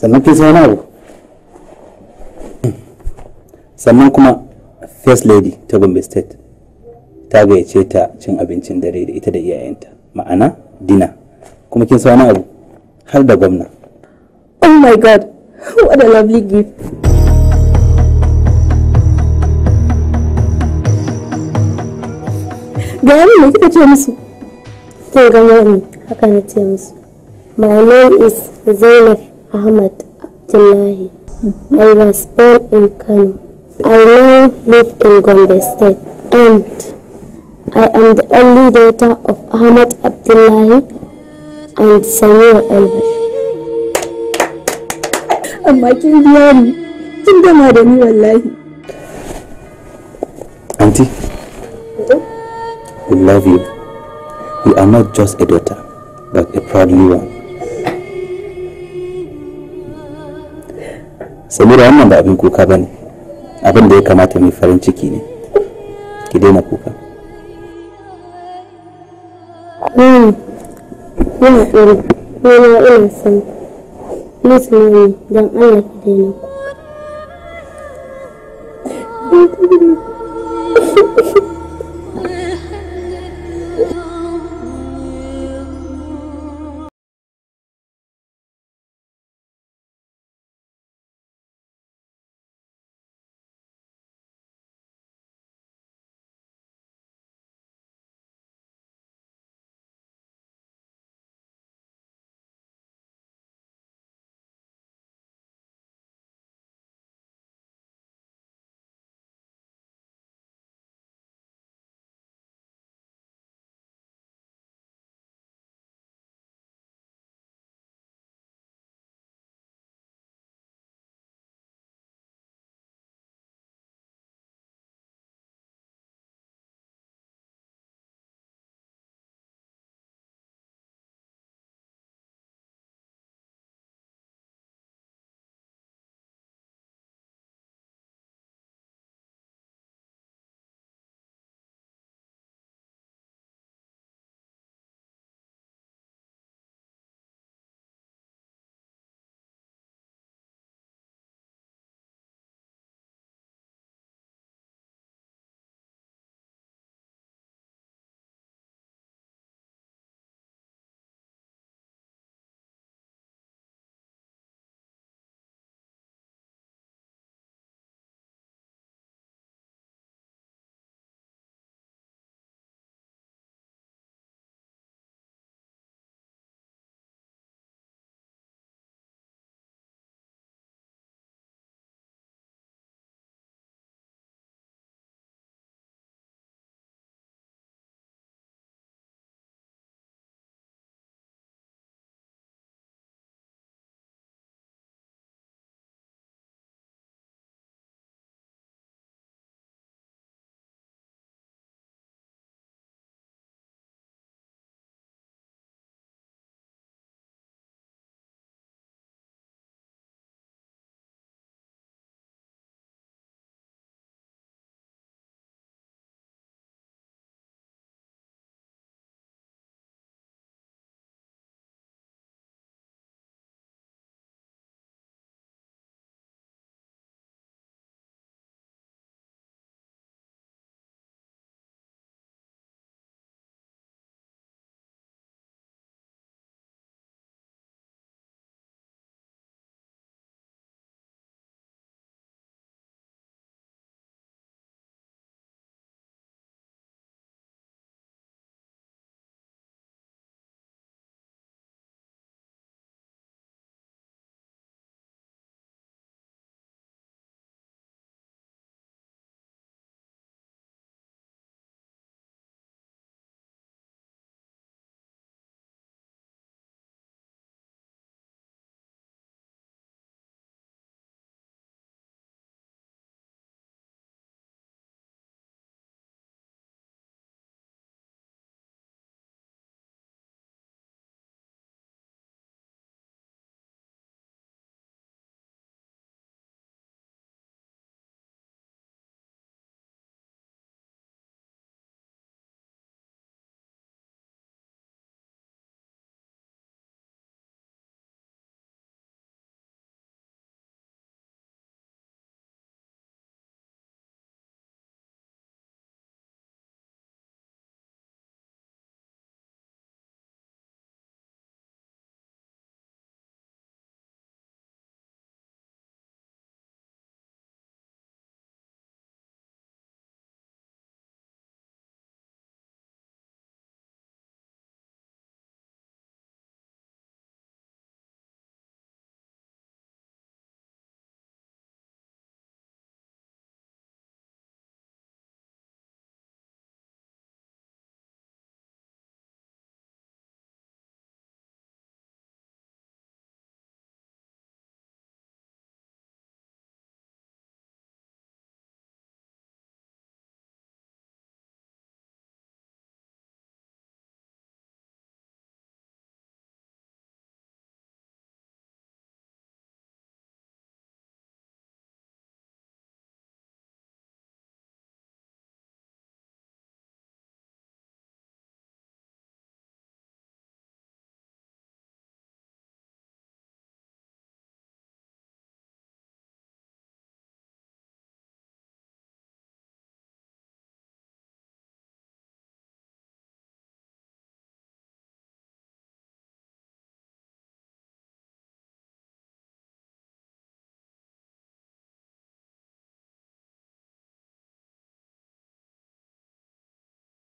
sannan kin sai abu sannan kuma first lady ta gombe state ta gayyace ta cin abincin dare da ita da iyayenta ma'ana dina kuma kin sai abu har da gwamna oh my god what a lovely gift ga yamin da kika ce musu haka na my name is zainab ahmad abdullahi i was born in kano i now live in gombe state and i am the only daughter of ahmad abdullahi and Samuel Elvis. Amma kin biya ni, kin gama da ni wallahi. Auntie, we love you. You are not just a daughter, but a proud new one. Samira wannan ba abin kuka ba ne, abin da ya kamata mai farin ciki ne. Ki daina kuka. Mm. mahaifina ini, ina son musulmi don allah ki daina Thank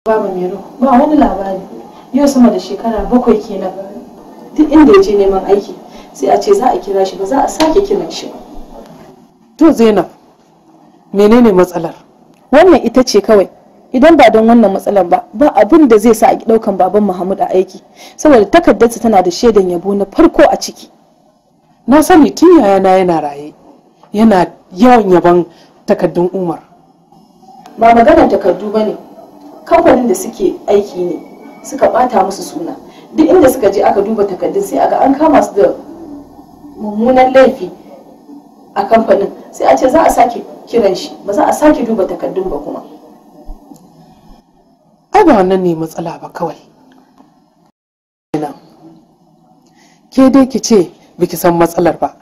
Baba Mero, ba wani labari. Yau sama da shekara bakwai kenan. Duk inda ya je neman aiki sai a ce za a kira shi ba za a sake kira shi ba. To Zainab, menene matsalar? Wannan ita ce kawai. Idan ba don wannan matsalar ba, ba abin da zai sa a ɗaukan baban Muhammad a aiki, saboda takardarsa tana da shaidan yabo na farko a ciki. Na sani tun yayana yana raye, yana yawan yabon takardun Umar. Ba maganar takardu ba ne, kamfanin da suke aiki ne suka bata musu suna duk inda suka je aka duba takardun sai aga an kama su da mummunan laifi a kamfanin sai a ce za a sake kiran shi ba za a sake duba takardun ba kuma ai ba wannan ne matsala ba kawai ke dai ki ce biki san matsalar ba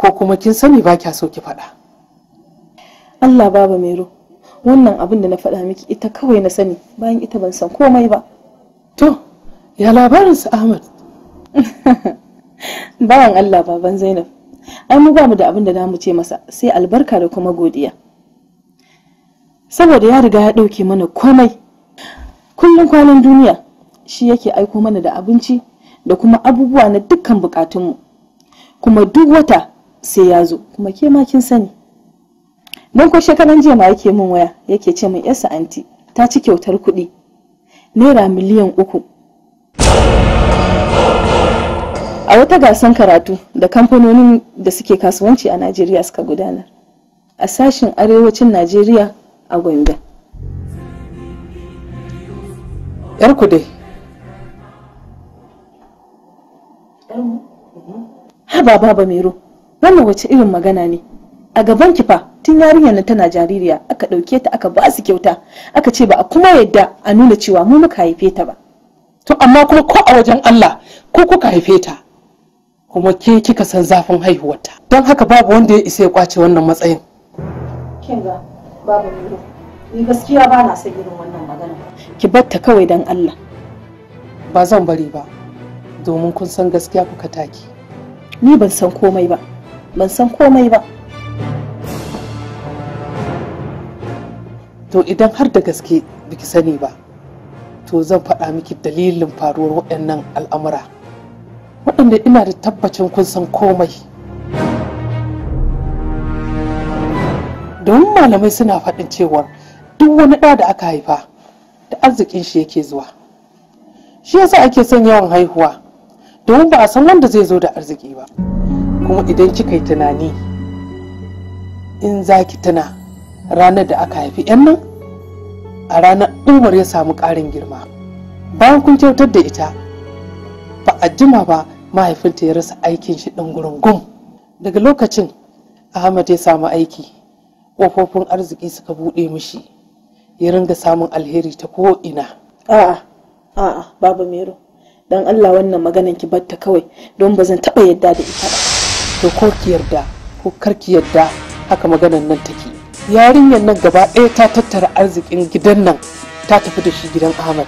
ko kuma kin sani ba kya so ki faɗa Allah baba mai Mero wannan abin da na faɗa miki ita kawai na sani bayan ita ban san komai ba to ya labarin su ahmad bayan allah baban zainab ai mu ba mu da abin da mu ce masa sai albarka da kuma godiya saboda ya riga ya ɗauke mana komai kullum kwanan duniya shi yake aiko mana da abinci da kuma abubuwa na dukkan bukatunmu kuma duk wata sai ya zo kuma ke makin sani don ko shekaran jiya ma yake min waya yake ce min yasa anti ta ci kyautar kuɗi naira miliyan uku a wata gasan karatu da kamfanonin da suke kasuwanci a najeriya suka gudana a sashen arewacin najeriya a gombe yar ku dai mhm. haba baba mero wannan wace irin magana ne a gaban kifa tun yarinyar nan tana jaririya aka ɗauke ta aka basu kyauta aka ce ba a kuma yadda a nuna cewa mu muka haife ta ba to amma kuma ko a wajen Allah ko kuka haife ta kuma ke kika san zafin haihuwarta don haka babu wanda ya isa ya kwace wannan matsayin kinga babu ni gaskiya ba na son irin wannan magana ki bar ta kawai don Allah ba zan bari ba domin kun san gaskiya kuka taki ni ban san komai ba ban san komai ba to idan har da gaske biki sani ba to zan faɗa miki dalilin faruwar waɗannan al'amura waɗanda ina da tabbacin kun san komai domin malamai suna faɗin cewar duk wani ɗa da aka haifa da arzikin shi yake zuwa shi yasa ake son yawan haihuwa domin ba a san wanda zai zo da arziki ba kuma idan kika yi tunani in za ki tuna ranar da aka haifi 'yan nan a ranar umar ya samu ƙarin girma bayan kun kyautar da ita ba a jima ba mahaifinta ya rasa aikin shi ɗin gurungun daga lokacin ahmad ya samu aiki ƙofofin arziki suka buɗe mishi ya ringa samun alheri ta ko'ina a'a a'a babu mero don allah wannan maganan ki batta kawai don ba zan taɓa yadda da ita ba to ko ki yarda ko kar ki yarda haka maganan nan take yarinyar nan gaba ɗaya ta tattara arzikin gidan nan ta tafi da shi gidan ahmad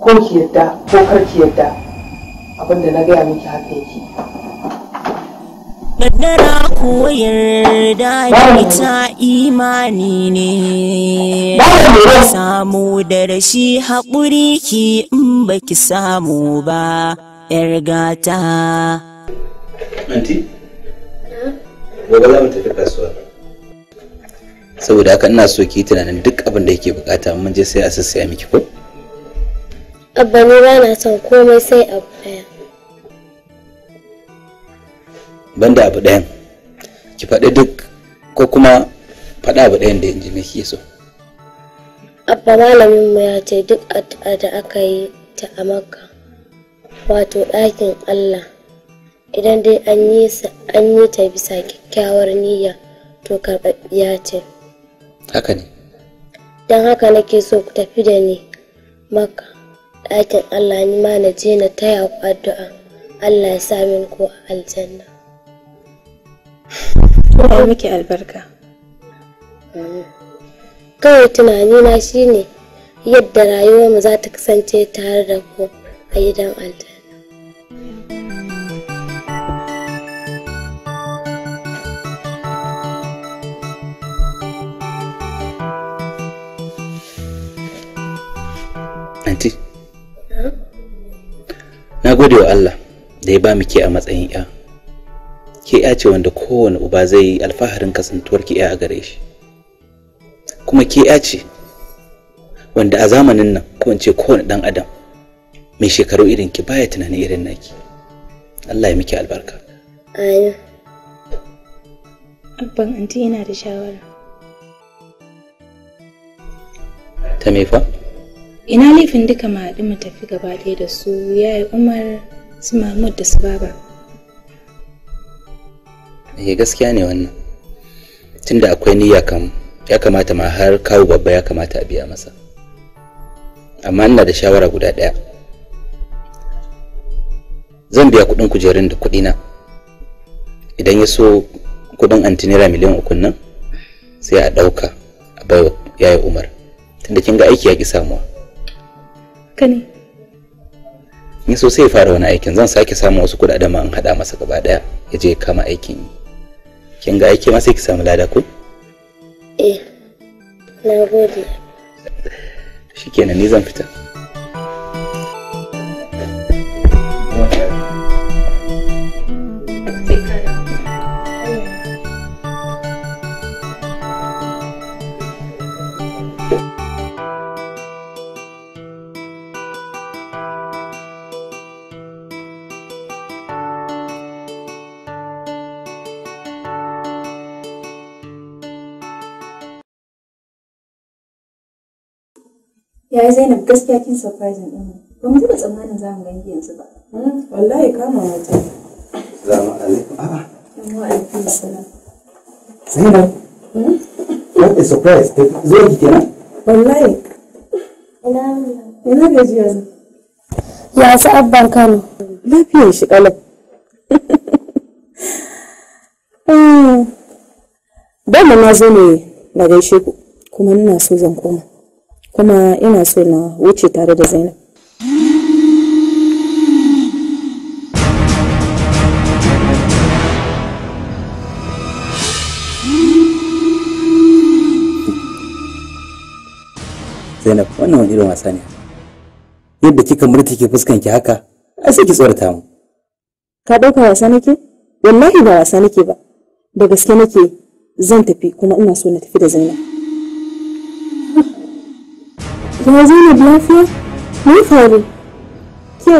ko ki yadda ko kar yadda abinda na gaya miki haka yake Kaddara ko yarda da ita imani ne, samu da rashi haƙuri ki in baki samu ba, ‘yar gata. za mu tafi kasuwa. Saboda haka ina so ki tunanin duk abin da yake bukata mun je sai a sassaya miki ko? Abba ni ba na son komai sai abu ɗaya. banda abu ɗayan ki faɗi duk ko kuma faɗi abu ɗayan da yanzu nake so abba malamin mu ya ce duk addu'a da aka yi ta a makka wato ɗakin allah idan dai an yi an yi ta bisa kyakkyawar niyya to ya ce haka ne don haka nake so ku tafi da ni makka ɗakin allah ni ma na je na taya ku addu'a allah ya sa min ko aljanna Ko miki albarka. Kawai tunanina shine yadda rayuwarmu za ta kasance tare da ku a gidan alta. Anti, na gode wa Allah da ya ba mu ke a matsayin 'ya. ke ce wanda kowane uba zai yi alfaharin kasantuwar ki ya a gare shi kuma ke ce wanda a zamanin nan ko in ce kowane dan adam mai shekaru irin ki baya tunanin irin naki Allah ya miki albarka ayo abban anti yana da shawara ta me fa ina laifin duka ma mu tafi gaba ɗaya da su yayi umar su mahmud da su baba eh gaskiya ne wannan tunda akwai niyya kam ya kamata ma har kawo babba ya kamata a biya masa amma ina da shawara guda ɗaya zan biya kuɗin kujerun da na? idan ya so kuɗin antinera miliyan uku nan sai a ɗauka a bai yayi umar tunda kin ga aiki ya ki samuwa Kani. ni so sai fara wani aikin zan sake samun wasu kuɗaɗen ma an haɗa masa gaba ɗaya ya je kama aikin yi kin ga aiki ma sai ki samu lada ko eh na gode shikenan ni zan fita Yayi Zainab gaskiya kin surprising din Ba mu taɓa tsammanin za mu ganki yanzu ba. Hmm, wallahi kama wata. Assalamu alaikum. A'a. Wa alaikum salam. Zainab. Hmm? What a surprise. Zo ki kenan. Wallahi. Ina ina gaji yanzu. Ya su abban Kano. Lafiyar shi kalau. Dama hmm. na zo ne na gaishe ku kuma ina so zan koma. kuma ina so na wuce tare da zainab zainab wannan wani irin wasa ne yadda kika murti ke fuskanki haka a sai ki tsorata mu ka ɗauka wasa nake wallahi ba wasa nake ba da gaske nake zan tafi kuma ina so na tafi da zainab ya zainab lafiya faru ke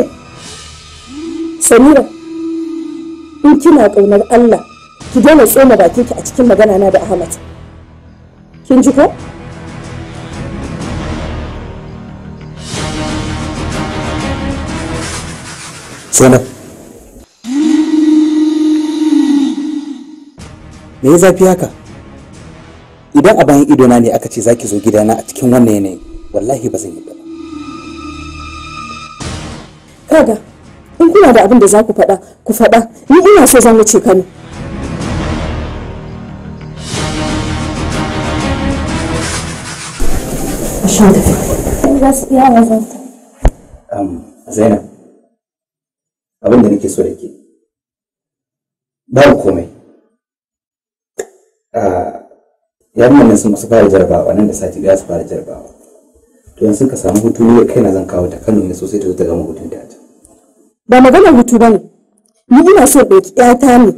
samira in kina kaunar allah ki daina tsoma ki a cikin magana na da ahmad kin ji ko Zainab. Me ya zafi haka? Idan a bayan ido idona ne aka ce za ki zo gidana a cikin wannan yanayin, wallahi ba zan yi ba kaga in kuna da abin da za ku faɗa ku faɗa ni ina so zan wuce kano Zainab, abin da nake so da ke, babu komai. Ah, yarinyar nan sun masu fara jarabawa nan da sati ɗaya su fara jarabawa. to yanzu ka samu hutu ne kai na zan kawo ta Kano ne sosai ta zo ta gama hutun ta ba magana hutu bane ni ina so ɗauki yata ne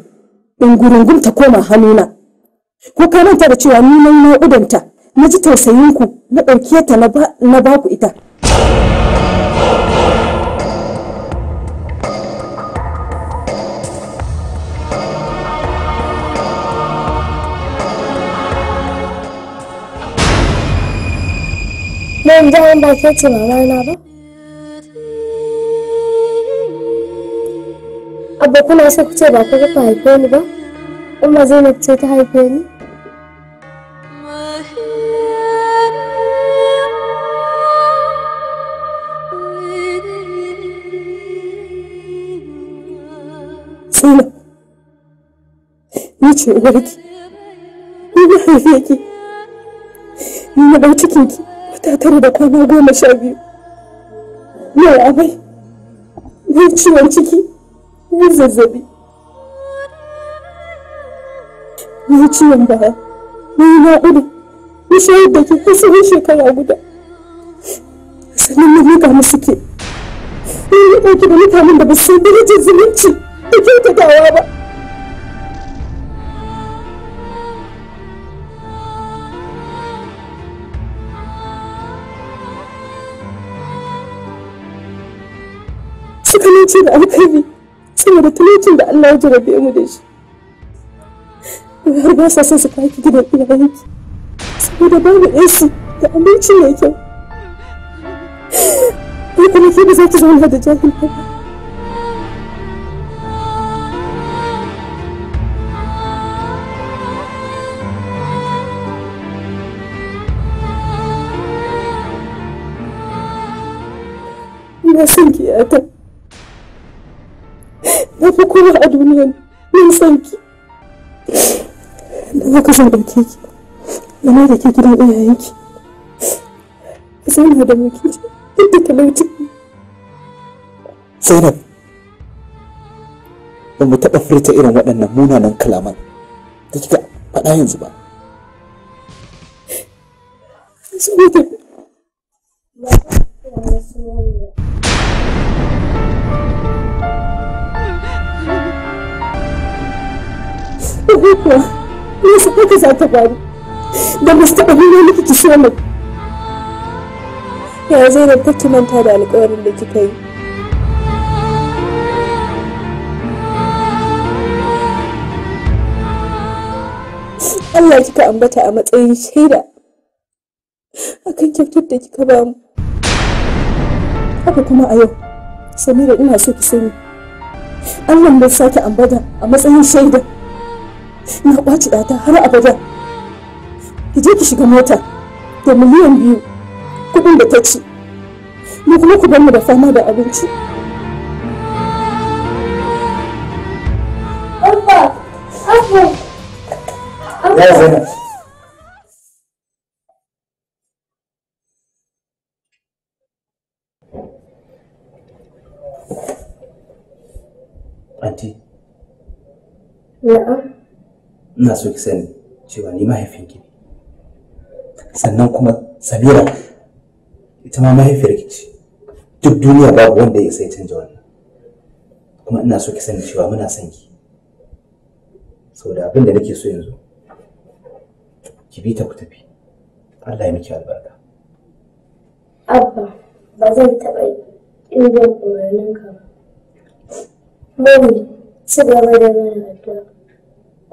in gurungun ta koma hannuna ko ka manta da cewa ni nan na udanta na ji tausayin ku na ɗauke ta na ba ku ita 那我们再按把车起来了，拿吧。अब देखो ऐसा कुछ बातों को हाइपोन बा और मजे नच्चे थे हाइपोन सुन ये छोड़ की ये नहीं की ये बहुत चुकी की ta tare da kwana goma sha biyu yau abai yi ciwon ciki yi zazzabi yi ciwon baya yi na'udu yi shayar da ke kusurin shekara guda sannan na miƙa suke. ke yi ɗauki da mutanen da ba su yi darajar zumunci da kyautatawa ba shi aminci da alkhairi saboda talaucin da Allah ya jarabe mu da shi har ba sa son su kaki gidan iyayenki saboda babu ɗansu da aminci mai kyau ko kuma ke ba za ki zauna da jahil ba ina son ki yata ya da ɗauke ki ya mai da ke gidan iyayenki ki zauna da muke inda ta talauci zainab ba mu taɓa furta irin waɗannan munanan kalaman da kika faɗa yanzu ba saboda Oh, me su haka za ta faru da ba su taɓa nuna miki ki so mu ya zainab ta ki manta da alƙawarin da kika yi Allah kika ambata a matsayin shaida akan kyautar da kika ba mu haka kuma a yau samira ina so ki sani Allah bai sake ambata a matsayin shaida na kwaci ɗata har abada ki je ki shiga mota da miliyan biyu kuɗin da ta ci ni kuma ku mu da fama da abinci Yeah. ina so ki sani cewa ni mahaifinki ne sannan kuma samira ita ma ki ce duk duniya babu wanda ya sai canja wannan kuma ina so ki sani cewa muna son ki saboda abin da nake so yanzu ki bi ta ku tafi Allah ya miki albarka abba ba zan taɓa ƙirgin ka ba. Mami, ci gaba da mana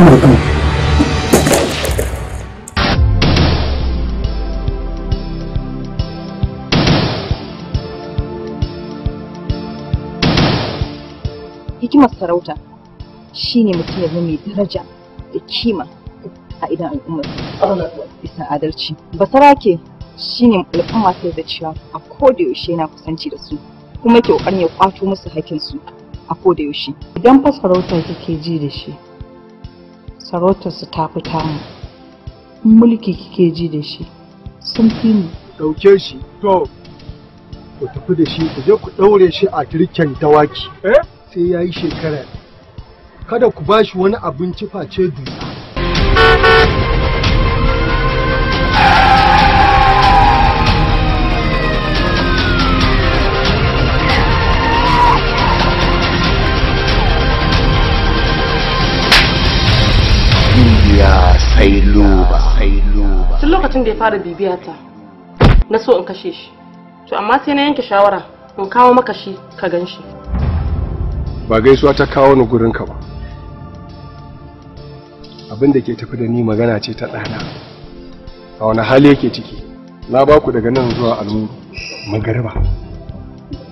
Oh Hikimar sarauta shi ne mutum ya zama mai daraja da kima a idan al'ummar bisa adalci. Basarake shi ne al'umma sai da cewa a yaushe yana kusanci da su kuma ke ƙoƙarin ya ƙwato musu hakinsu a yaushe. Idan fa sarauta kake ji da shi, Sarautar su ta fi tamu mulki kike ji da shi sun fi mu ɗauke shi to ku tafi da shi ku je ku ɗaure shi a turken dawaki eh? sai ya yi shekara kada ku bashi shi wani abinci face dusa ya sai luba tun lokacin da ya fara bibiya ta na so in kashe shi to amma sai na yanke shawara in kawo maka shi ka gan shi ba gaisuwa ta kawo ni gurin ka ba abin da ke tafi da ni magana ce ta ɗana a wani hali yake ciki na ba ku daga nan zuwa almuru magariba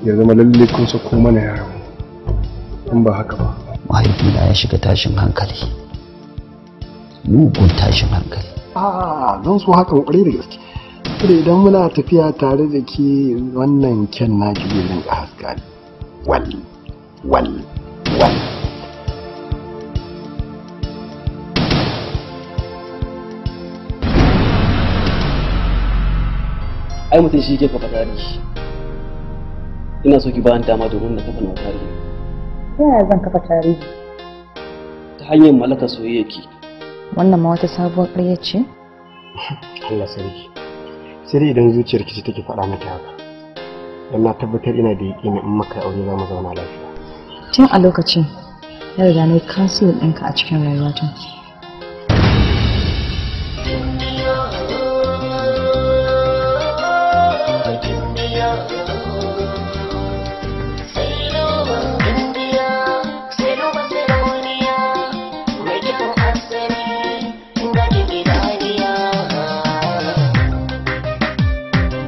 ya zama lalle kun sako mana yaro, in ba haka ba mahaifina ya shiga tashin hankali mugun tashin hankali a zan so hakan kwarai da gaske Kuma idan muna tafiya tare da ke wannan kyan na jirgin a haska wal wal wal ai mutum shi ke kafa tarihi ina so ki ba dama domin na kafa na tarihi ta yaya zan kafa tarihi ta hanyar mallaka soyayya ki wannan ma wata sabuwar ƙarya ce Allah sarki sai idan zuciyar ki take faɗa mata haka dan na tabbatar ina da yaƙini in muka aure za mu zauna lafiya tun a lokacin ya riga ne ɗinka a cikin rayuwata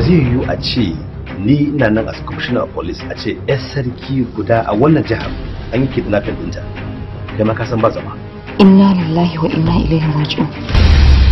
zai yiwu a ce ni ina nan as commissioner of police a ce yar sarki guda a wannan jihar an yi kidnapping ɗinta kai ma ka san ba zama inna lillahi wa inna ilaihi raji'un